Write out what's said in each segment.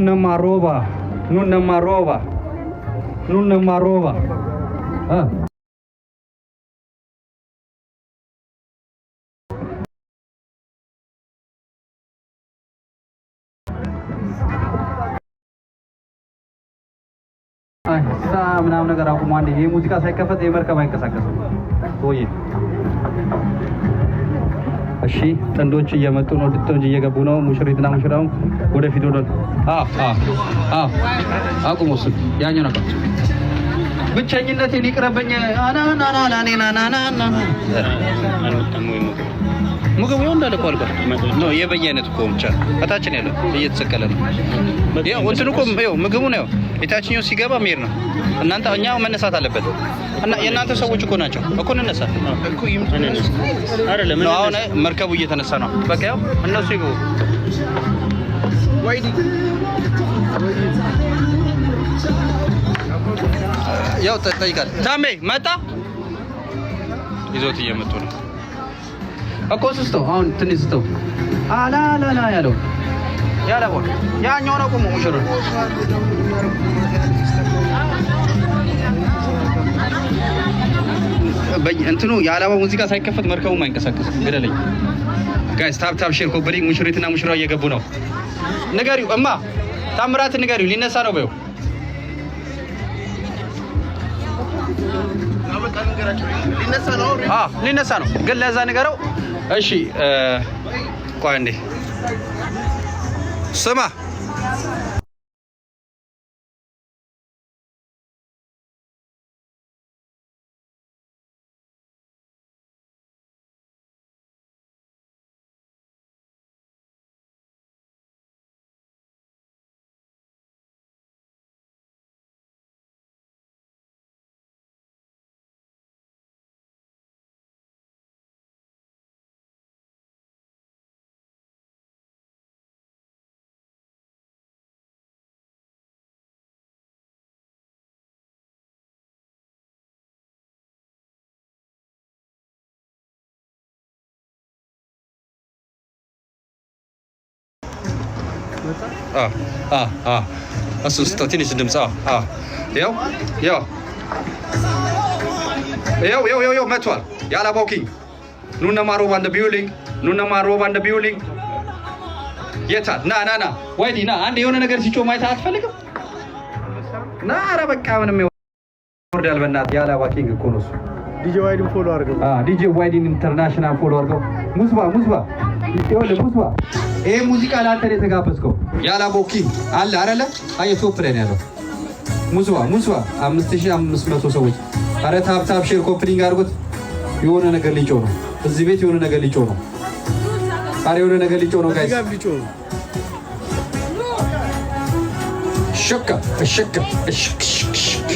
nunna marova nunna marova nunna marova Ah. ምናምን ነገር አቁሟል። ይሄ ሙዚቃ ሳይከፈት የመርከብ አይንቀሳቀስም። እሺ ጥንዶች እየመጡ ነው። ጥንዶች እየገቡ ነው። ሙሽሪትና ሙሽራው ወደፊት ወደ አ አ አ አቁሙ። እሱን ያኛው ነበር ብቸኝነቴን ይቅረበኝ። አና አና አና አና አና አና ምግቡ ያው እንዳለ እኮ አልቋል። ነው የበየአይነት እኮ ብቻ እታችን ያለው እየተሰቀለ ነው። ያው እንትን እኮ ያው ምግቡ ነው የታችኛው ሲገባ ሜር ነው። እናንተ እኛ መነሳት አለበት እና የእናንተ ሰዎች እኮ ናቸው እኮ እንነሳ ነው። አሁን መርከቡ እየተነሳ ነው። በቃ ያው እነሱ ይገቡ ያው ጠይቃል። ታሜ መጣ ይዞት እየመጡ ነው። እኮ ስተው አሁን ትንሽ ስተው አላላላ ያለው ያለቦን ያኛው ነው ቁሙ ሙሽሩ እንትኑ የአላባ ሙዚቃ ሳይከፈት መርከቡም አይንቀሳቀስም። ግደለኝ ጋይስ፣ ታፕ ታፕ ሼር ኮበሪ። ሙሽሪትና ሙሽራ እየገቡ ነው። ንገሪው እማ ታምራት ንገሪው፣ ሊነሳ ነው በይው። ሊነሳ ነው ግን ለዛ ንገረው እሺ ቆይ እንዴ ስማ እሱ ስታ ትንሽ ድምፅ ያው ያው ያው ያው ያው መቷል። የአላባው ኪንግ ኑነ ማሮባ እንደ ቢውሊንግ ኑነ ማሮባ እንደ ቢውሊንግ የታል? ና ና ና ወይዲ ና አንድ የሆነ ነገር ሲጮ ማየት አትፈልግም? ና ኧረ በቃ ምንም ይወርዳል። በእናትህ የአላባ ኪንግ እኮ ነው እሱ። ዲጄ ዋይዲን ፎሎ አድርገው። ዲጄ ዋይዲን ኢንተርናሽናል ፎሎ አድርገው። ሙዝባ ሙዝባ ይወለ ሙዝባ ይሄ ሙዚቃ ለአንተ ነው የተጋበዝከው። ያላቦኪ አለ አይደለ? አየ ቶፕ ላይ ነው ያለው። ሙዝዋ ሙዝዋ 5500 ሰዎች። አረ ታፕ ታፕ ሼር ኮፕሊንግ አድርጎት። የሆነ ነገር ሊጮ ነው እዚህ ቤት የሆነ ነገር ሊጮ ነው። አረ የሆነ ነገር ሊጮ ነው ጋይስ። ሸካ ሸካ ሸካ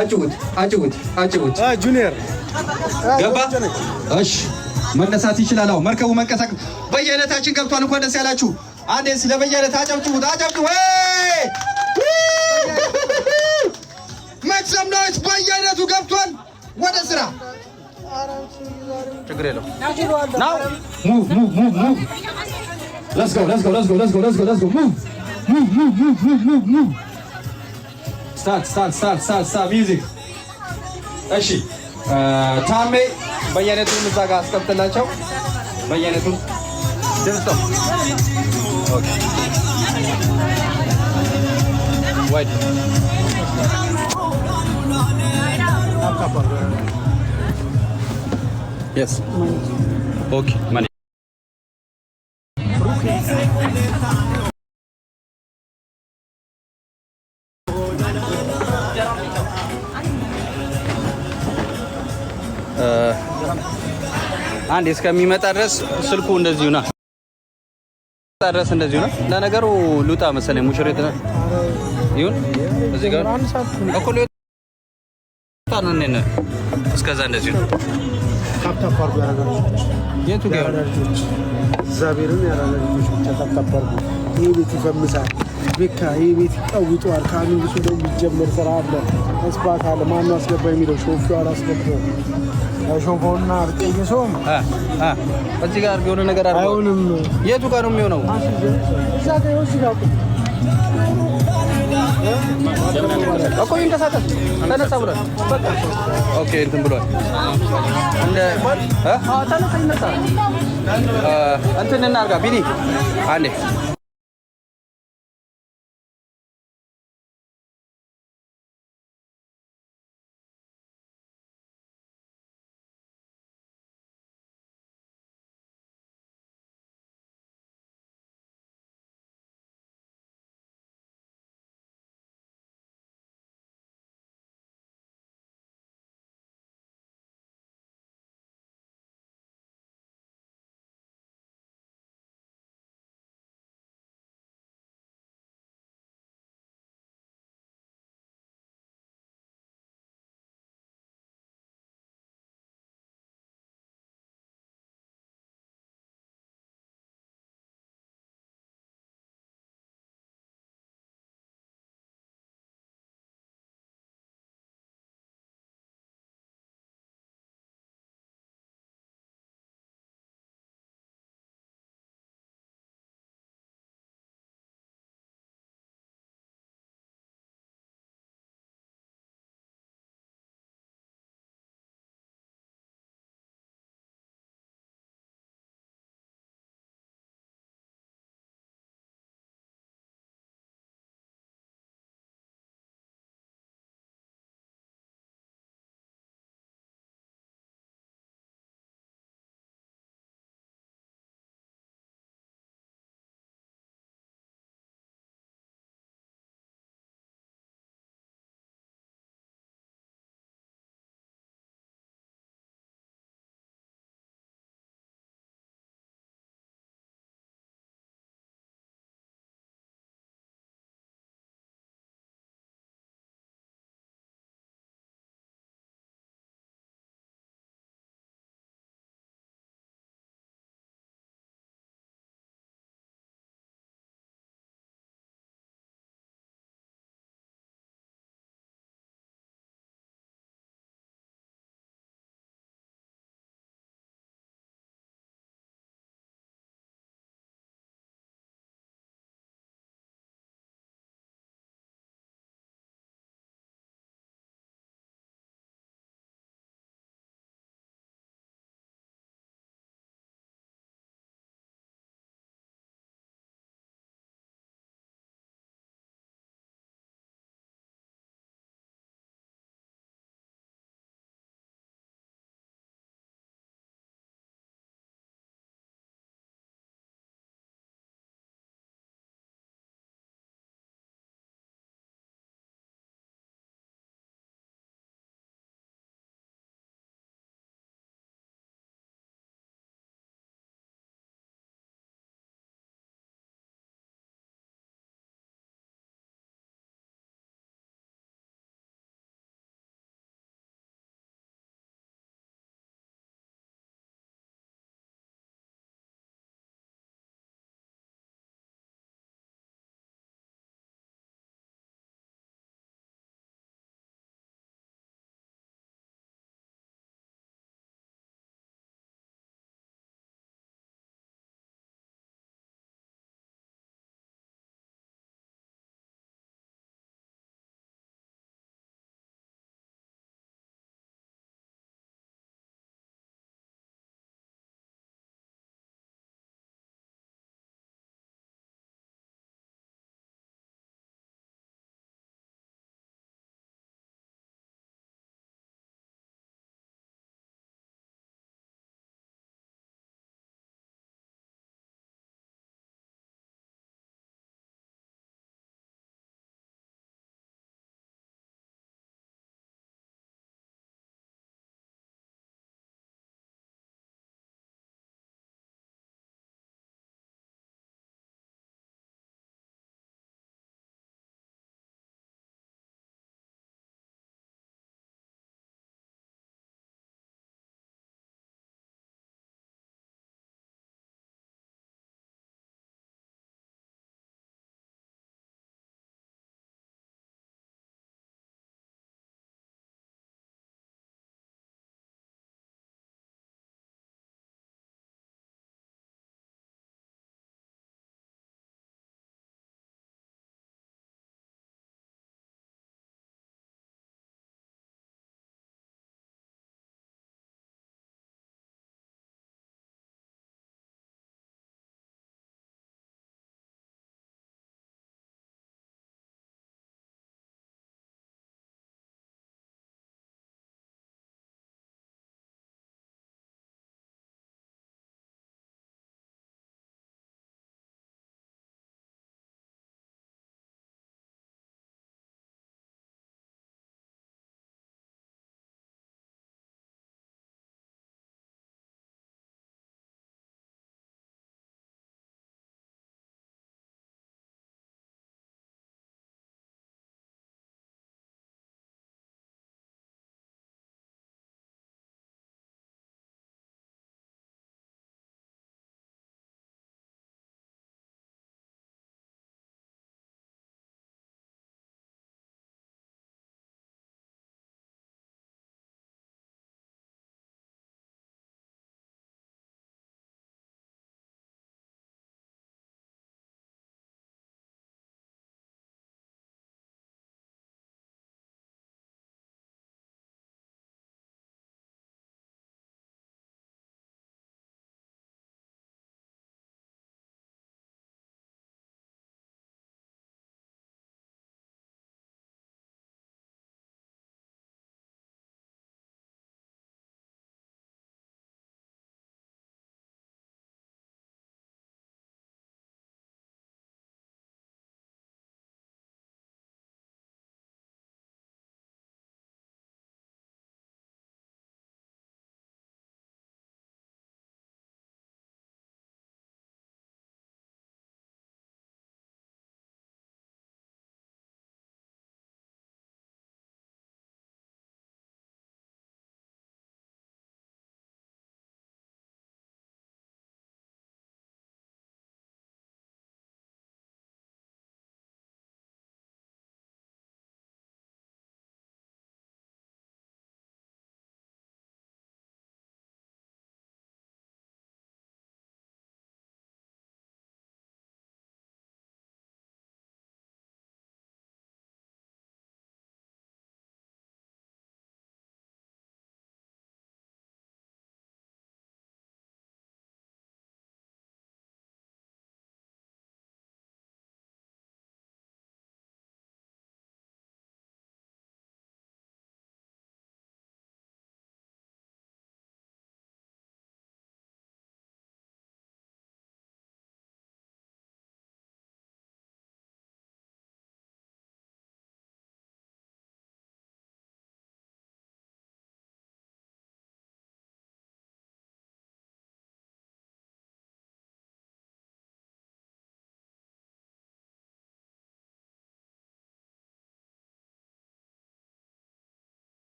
አጭውት አጭውት አጭውት ጁኒየር ገባ። እሺ መነሳት ይችላል። መርከቡ መንቀሳቀስ በየአይነታችን ገብቷል። እንኳን ደስ ያላችሁ። አንዴ ስለ በየአይነት አጨብጭቡት፣ አጨብጭቡ። መች ነው በየአይነቱ ገብቷል። ወደ ስራ ችግር ታሜ በየአይነቱም እዛ ጋር አስቀምጥላቸው። በየአይነቱም ድምፅ ነው። አንድ እስከሚመጣ ድረስ ስልኩ እንደዚሁ ነው ድረስ እንደዚሁ ነው። ለነገሩ ሉጣ መሰለኝ ሙሽሪት ይሁን እዚህ ጋር እኮ ሉጣ ነው። እኔን እስከዛ እንደዚሁ ነው። የቱ ጋር እግዚአብሔርን ያላለ ልጆች ብቻ ይህ ቤት ይፈምሳል፣ ቤካ ይህ ቤት ይቀውጠዋል። ከአሚን ብሱ ደግሞ ይጀምር ስራ አለ እስባት አለ ማኑ አስገባ የሚለው ሾፌ አላስገባ ሾፈውና ብጤየሰውም እዚህ ጋር የሆነ ነገር አለ። አይሆንም። የቱ ጋር ነው የሚሆነው? እዛ ተነሳ ብሏል። እንትን ብሏል። ተነሳ ይነሳ እንትን እናርጋ ቢኒ አንዴ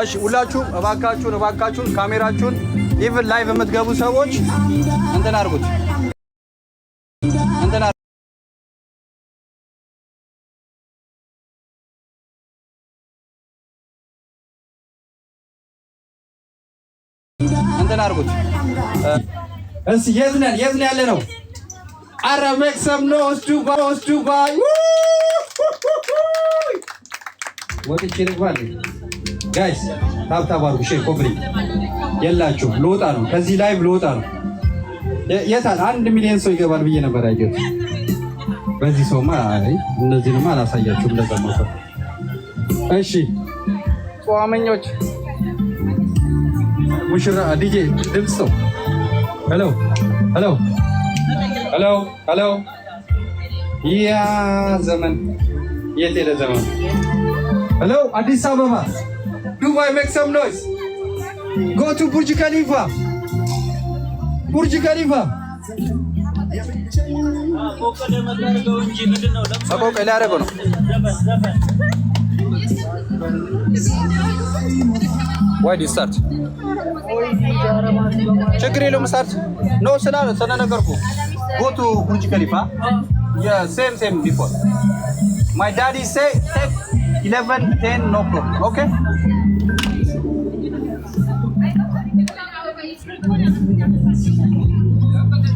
እሺ፣ ሁላችሁም እባካችሁን እባካችሁን ካሜራችሁን ኢቭን ላይቭ የምትገቡ ሰዎች እንትን አድርጉት እንትን አድርጉት። እሺ፣ የት ነን? የት ነው ያለ ነው? አረ መቅሰም ነው። ወስዱ ጓ ወስዱ ጓ ወጥቼ ልግባ ጋይስ ታብታብ አድርጉ። ሼር ኮምፕሊት የላችሁም። ልወጣ ነው ከዚህ ላይቭ ልወጣ ነው። የታል አንድ ሚሊዮን ሰው ይገባል ብዬ ነበር። አይገርም በዚህ ሰውማ እነዚህንማ አላሳያችሁም። ለዘማ እሺ ጾመኞች ሙሽራ ዲጄ ድምፅ ሰው ሄሎ ሄሎ ሄሎ ሄሎ ያ ዘመን የት ሄደ ዘመን? ሄሎ አዲስ አበባ Dubai, make some noise. Go to Burj Khalifa. Burj Khalifa. Sabo kela re kono. Why did you start? Chakri lo start. No sana sana nagar ko. Go to Burj Khalifa. Yeah, same same before. My daddy say take 11, 10, no problem. Okay?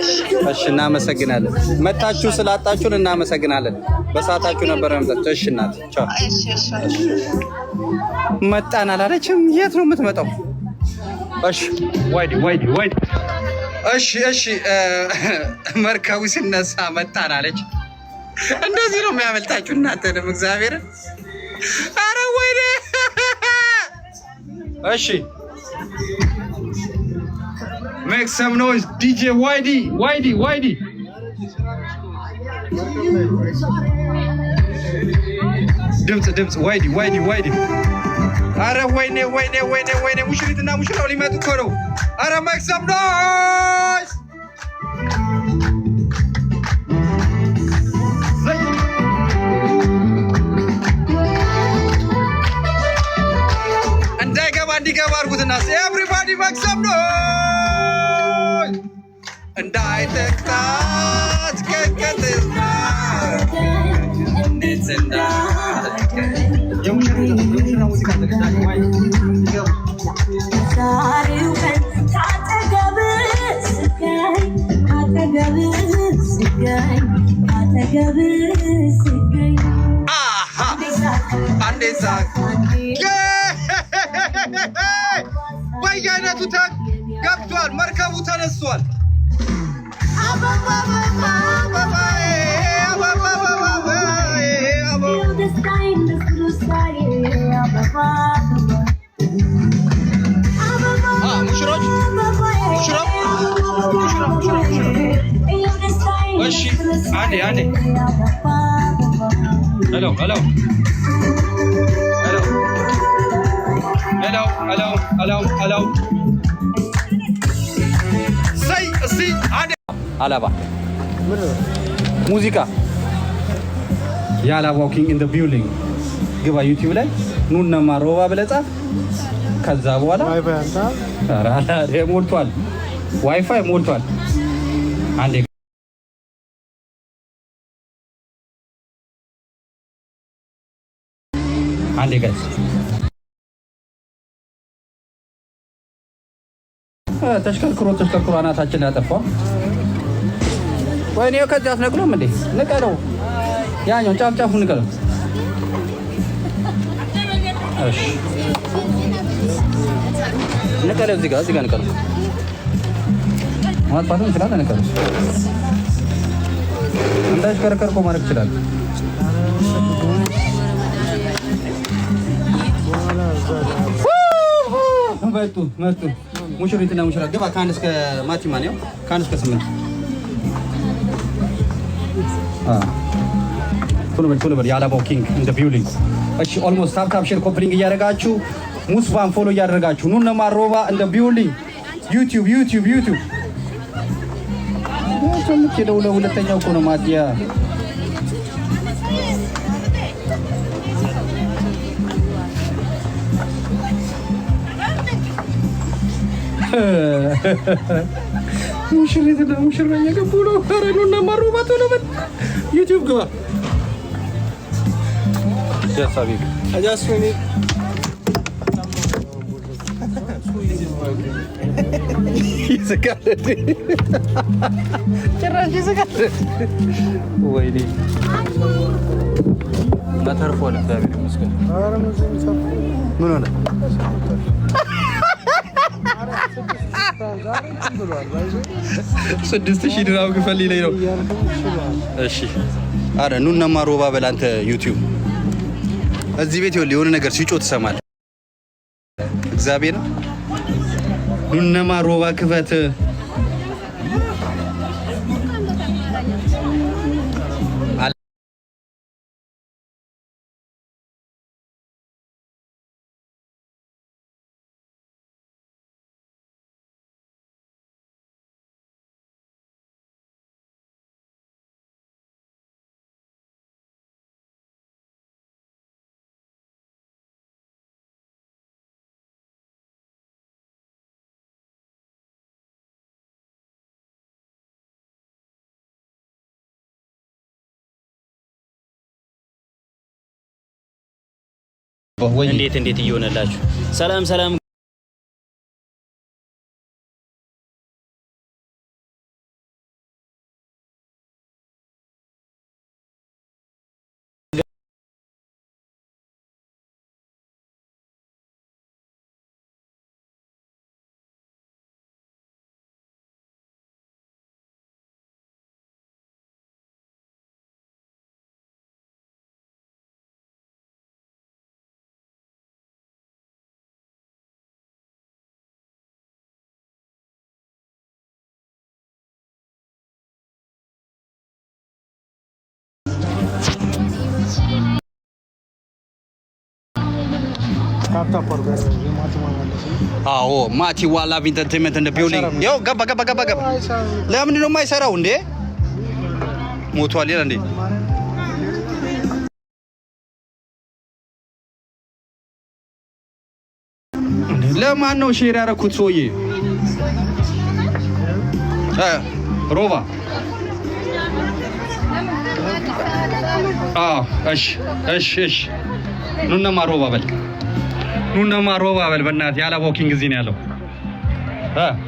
እሺ፣ እናመሰግናለን። መታችሁ ስላጣችሁን እናመሰግናለን። በሰዓታችሁ ነበር መምጣት። እሺ፣ እናት መጣን አላለችም። የት ነው የምትመጣው? እሺ፣ ዋይዲ ዋይዲ ዋይዲ። እሺ፣ እሺ፣ መርካዊ ሲነሳ መጣን አለች። እንደዚህ ነው የሚያመልጣችሁ እናንተንም እግዚአብሔርን። አረ ወይኔ! እሺ Make some noise, DJ Whitey, Whitey, Whitey. ድምፅ ድምፅ ዋይዲ ዋይዲ ዋይዲ አረ ወይኔ ወይኔ ወይኔ ወይኔ ሙሽሪትና ሙሽራው ሊመጡ እኮ ነው። አረ መክሰም ኖይስ በየአይነቱ ገብቷል። መርከቡ ተነስቷል። ሙሽሮች እሺ አንዴ አንዴ ሄሎ ሄሎ ሄሎ ሄሎ ሄሎ ሄሎ ሄሎ ሰይ እሲ አንዴ አላባ ሙዚቃ የአላባው ኪንግ ኢን ዘ ቢልዲንግ ግባ ዩቲዩብ ላይ ኑነማ ሮባ ብለህ ከዛ በኋላ ሞልቷል፣ ዋይፋይ ሞልቷል። አንዴ አንዴ ጋይስ ተሽከርክሮ ተሽከርክሮ አናታችን ያጠፋ። ወይኔ ከዚህ አትነቅሎም እንዴ? ንቀለው፣ ያኛው ጫፍ ጫፉ ንቀለው። እሺ ንቀለው፣ እዚህ ጋር እዚህ ጋር ንቀለው። ማጥፋትም ይችላል። ንቀለው፣ እንዳሽከረከርኩ ማለት ይችላል። መጡ መጡ። ሙሽሪትና ሙሽራ ገባ። ከአንድ እስከ ማቲማ ነው ከአንድ እስከ ስምንት ቶሎ በል ቶሎ በል። የአላማው ኪንግ እንደ ቢውሊንግ እሺ። ኦልሞስት ታፕታፕ ሼር ኮፕሊንግ እያደረጋችሁ ሙስባን ፎሎ እያደረጋችሁ ኑ ነማሮባ እንደ ቢውሊንግ ዩቲዩብ ዩቲዩብ ዩቲዩብ ሁለተኛው እኮ ነው ማቲያ ሙሽሪት እና ሙሽራ እየገቡ ነው። ረዱ እና ባቶ ነው። ምን ዩቲዩብ ግባ ጭራሽ ይስቃል። ወይኔ ተርፎ ምን ሆነ? ስድስት ሺህ ድራም ክፈል ይለኝ ነው። እሺ አረ ኑ እነማ ሮባ በል አንተ ዩቲዩብ እዚህ ቤት ይኸውልህ የሆነ ነገር ሲጮህ ትሰማለህ። እግዚአብሔር ኑ እነማ ሮባ ክፈት እንዴት እንዴት እየሆነላችሁ ሰላም ሰላም አዎ ማቲ ዋላ ኢንተርቴንመንት እንደ ቢውሊንግ ያው ገባ ገባ ገባ ገባ። ለምንድን ነው የማይሰራው እንዴ? ሞቷል ይላል እንዴ? ለማን ነው ሼር ያደረኩት ሰውዬ? ሮባ እሺ እሺ እሺ ኑነማ ሮባ በል ኑነማ ሮባ በል በእናትህ ያለ ቦኪንግ እዚህ ነው ያለው።